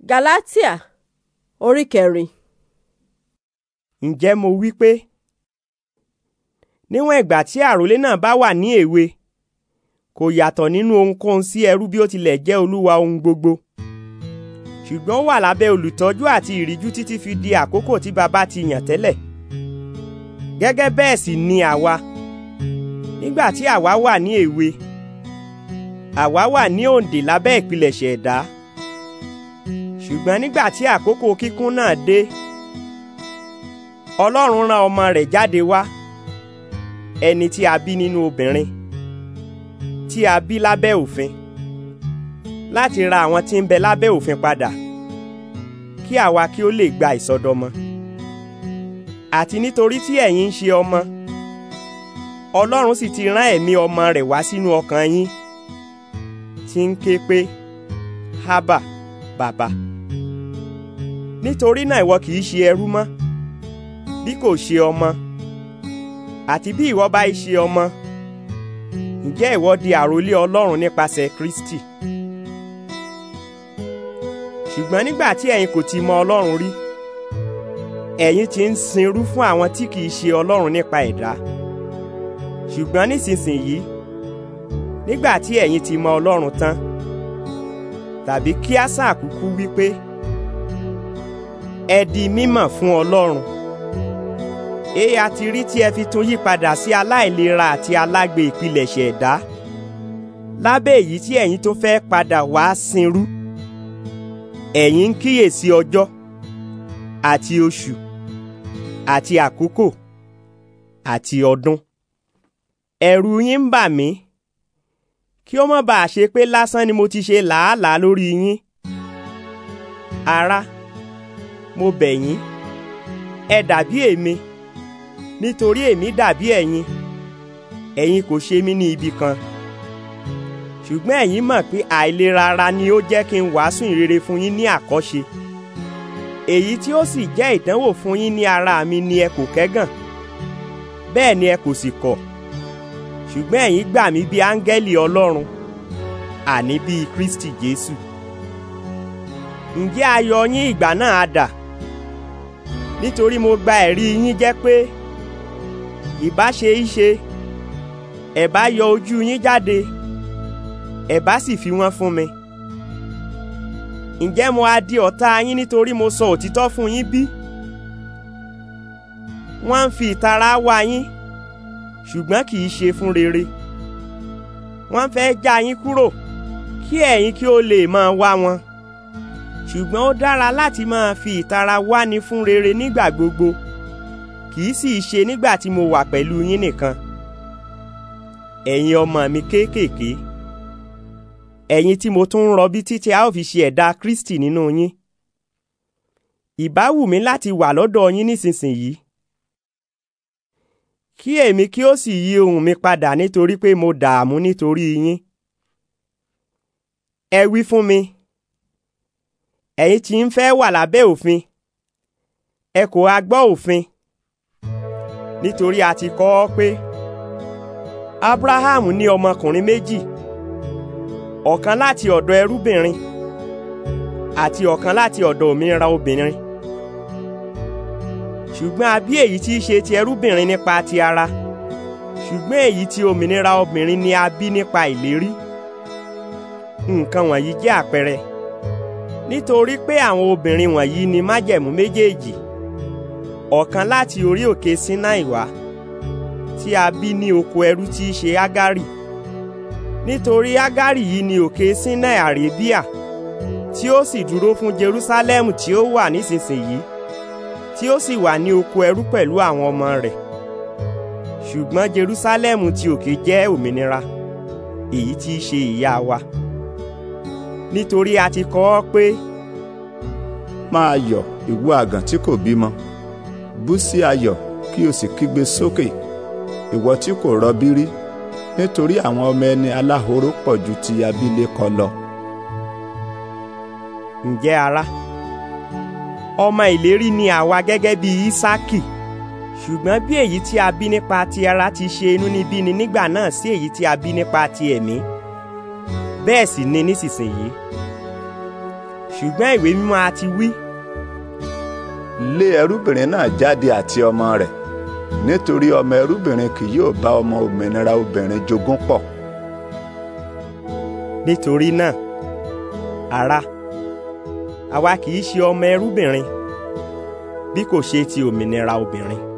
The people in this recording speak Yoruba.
Galatia orí kẹrin. Ǹjẹ́ mo wí pé níwọ̀n ìgbà tí àròlé náà bá wà ní èwe kò yàtọ̀ nínú ohunkóhun sí ẹrú bí ó tilẹ̀ jẹ́ olúwa ohun gbogbo ṣùgbọ́n ó wà lábẹ́ olùtọ́jú àti ìríjú títí fi di àkókò tí baba ti yàn tẹ́lẹ̀ gẹ́gẹ́ bẹ́ẹ̀ sì ni àwa nígbà tí àwa wà ní èwe àwa wà ní òǹdè lábẹ́ ìpilẹ̀ṣẹ̀ ẹ̀dá. E ṣùgbọ́n nígbà tí àkókò kíkún náà dé ọlọ́run rán ọmọ rẹ̀ jáde wá ẹni tí a bí nínú obìnrin tí a bí lábẹ́ òfin láti ra àwọn tí ń bẹ lábẹ́ òfin padà kí àwa kí ó lè gba ìsọdọmọ àti nítorí tí ẹ̀yin ń ṣe ọmọ ọlọ́run sì ti rán ẹ̀mí ọmọ rẹ̀ wá sínú ọkàn yín tí ń ké pé hábà bàbá nítorí náà ìwọ kì í ṣe ẹrú mọ́ bí kò ṣe ọmọ àti bí ìwọ bá ṣe ọmọ ǹjẹ́ ìwọ di àròlé Ọlọ́run nípasẹ̀ Kristi ṣùgbọ́n nígbà tí ẹ̀yin kò ti mọ Ọlọ́run rí ẹ̀yin ti ń sinrú fún àwọn tí kìí ṣe Ọlọ́run nípa ẹ̀dá ṣùgbọ́n nísinsìnyí nígbà tí ẹ̀yin ti mọ Ọlọ́run tán tàbí kí sáà kúkú wí ẹ di mímọ̀ fún Ọlọ́run èyí a ti rí tí ẹ fi tún yí padà sí aláìlera àti alágbe ìpilẹ̀ṣẹ̀ ẹ̀dá lábẹ́ èyí tí ẹ̀yin tó fẹ́ padà wá sinrú ẹ̀yin ń kíyèsí ọjọ́ àti oṣù àti àkókò àti ọdún ẹ̀rù yín ń bà mí kí ó má bàa ṣe pé lásán ni mo ti ṣe làálàá lórí yín Ara. mo bẹ̀ yín ẹ dàbí èmi nítorí èmi dàbí ẹ̀yin ẹ̀yin kò ṣe mí ní ibi kan ṣùgbọ́n ẹ̀yin mọ̀ pé àìlera ara ni ó jẹ́ kí n wàásù ìrere fún yín ní àkọ́ṣe èyí tí ó sì jẹ́ ìdánwò fún yín ní ara mi ni ẹ kò kẹ́gàn bẹ́ẹ̀ ni ẹ kò sì kọ̀ ṣùgbọ́n ẹ̀yin gbà mí bí áńgẹ́lì Ọlọ́run àní bí Kristi Jésù ǹjẹ́ ayọ̀ yín ìgbà náà á dà? nítorí mo gba ẹ̀rí yín jẹ́ pé ìbá ṣe í yọ ojú yín jáde ẹ̀ sì fi wọ́n fún mi. ǹjẹ́ mo á di ọ̀tá yín nítorí mo sọ òtítọ́ fún yín bí? wọ́n ń fi ìtara wá yín ṣùgbọ́n kì í ṣe fún rere. wọ́n fẹ́ já yín kúrò kí ẹ̀yin kí ó lè máa wá wọn ṣùgbọ́n ó dára láti máa fi ìtara wáni fún rere nígbà gbogbo kì í sì í ṣe nígbà tí mo wà pẹ̀lú yín nìkan ẹ̀yin ọmọ mi kéékèèké ẹ̀yin tí mo tún ń rọbí títí a ó fi ṣe ẹ̀dá Kristi nínú yín ìbá wù mí láti wà lọ́dọ̀ yín nísinsìnyí kí èmi kí ó sì yí ohùn mi padà nítorí pé mo dààmú nítorí yín ẹ wí fún mi ẹ̀yin tí ń fẹ́ wà lábẹ́ òfin ẹ kò ha gbọ́ òfin nítorí a ti kọ ọ́ pé Abraham ní ọmọkùnrin méjì ọ̀kan láti ọ̀dọ̀ ẹrúbìnrin àti ọ̀kan láti ọ̀dọ̀ òmìnira obìnrin ṣùgbọ́n a èyí tí í ṣe ti ẹrúbìnrin nípa ti ara ṣùgbọ́n èyí tí òmìnira obìnrin ni a bí nípa ìlérí nǹkan wọ̀nyí jẹ́ àpẹẹrẹ nítorí pé àwọn obìnrin wọ̀nyí ni májẹ̀mú méjèèjì ọ̀kan láti orí òkè Sinai wá tí a bí ní oko ẹrú tí í ṣe Ágárì nítorí Ágárì yìí ni òkè Sinai Arabia tí ó sì dúró fún Jerusalem tí ó wà nísinsìnyí tí ó sì wà ní oko ẹrú pẹ̀lú àwọn ọmọ rẹ̀ ṣùgbọ́n Jerusalem ti òkè jẹ́ òmìnira èyí tí í ṣe ìyá wa nítorí a ti kọ ọ́ pé. máa yọ̀ ìwọ àgàn tí kò bímọ bú sí ayọ̀ kí o sì kígbe sókè ìwọ tí kò rọbí rí nítorí àwọn ọmọ ẹni aláhoro pọ̀ ju ti abilékọ lọ. ǹjẹ́ ará ọmọ ìlérí ni àwa gẹ́gẹ́ bí Ísákì ṣùgbọ́n bí èyí tí a bí nípa ti ara ti ṣe inúnibíni nígbà náà sí èyí tí a bí nípa ti ẹ̀mí. E bẹ́ẹ̀ sì ni nísinsìnyí ṣùgbọ́n ìwé mímọ́ a ti wí. lé ẹrúbìnrin náà jáde àti ọmọ rẹ̀ nítorí ọmọ ẹrúbìnrin kì yóò bá ọmọ òmìnira obìnrin jogún pọ̀. nítorí náà ará àwa kì í ṣe ọmọ ẹrúbìnrin bí kò ṣe ti òmìnira obìnrin.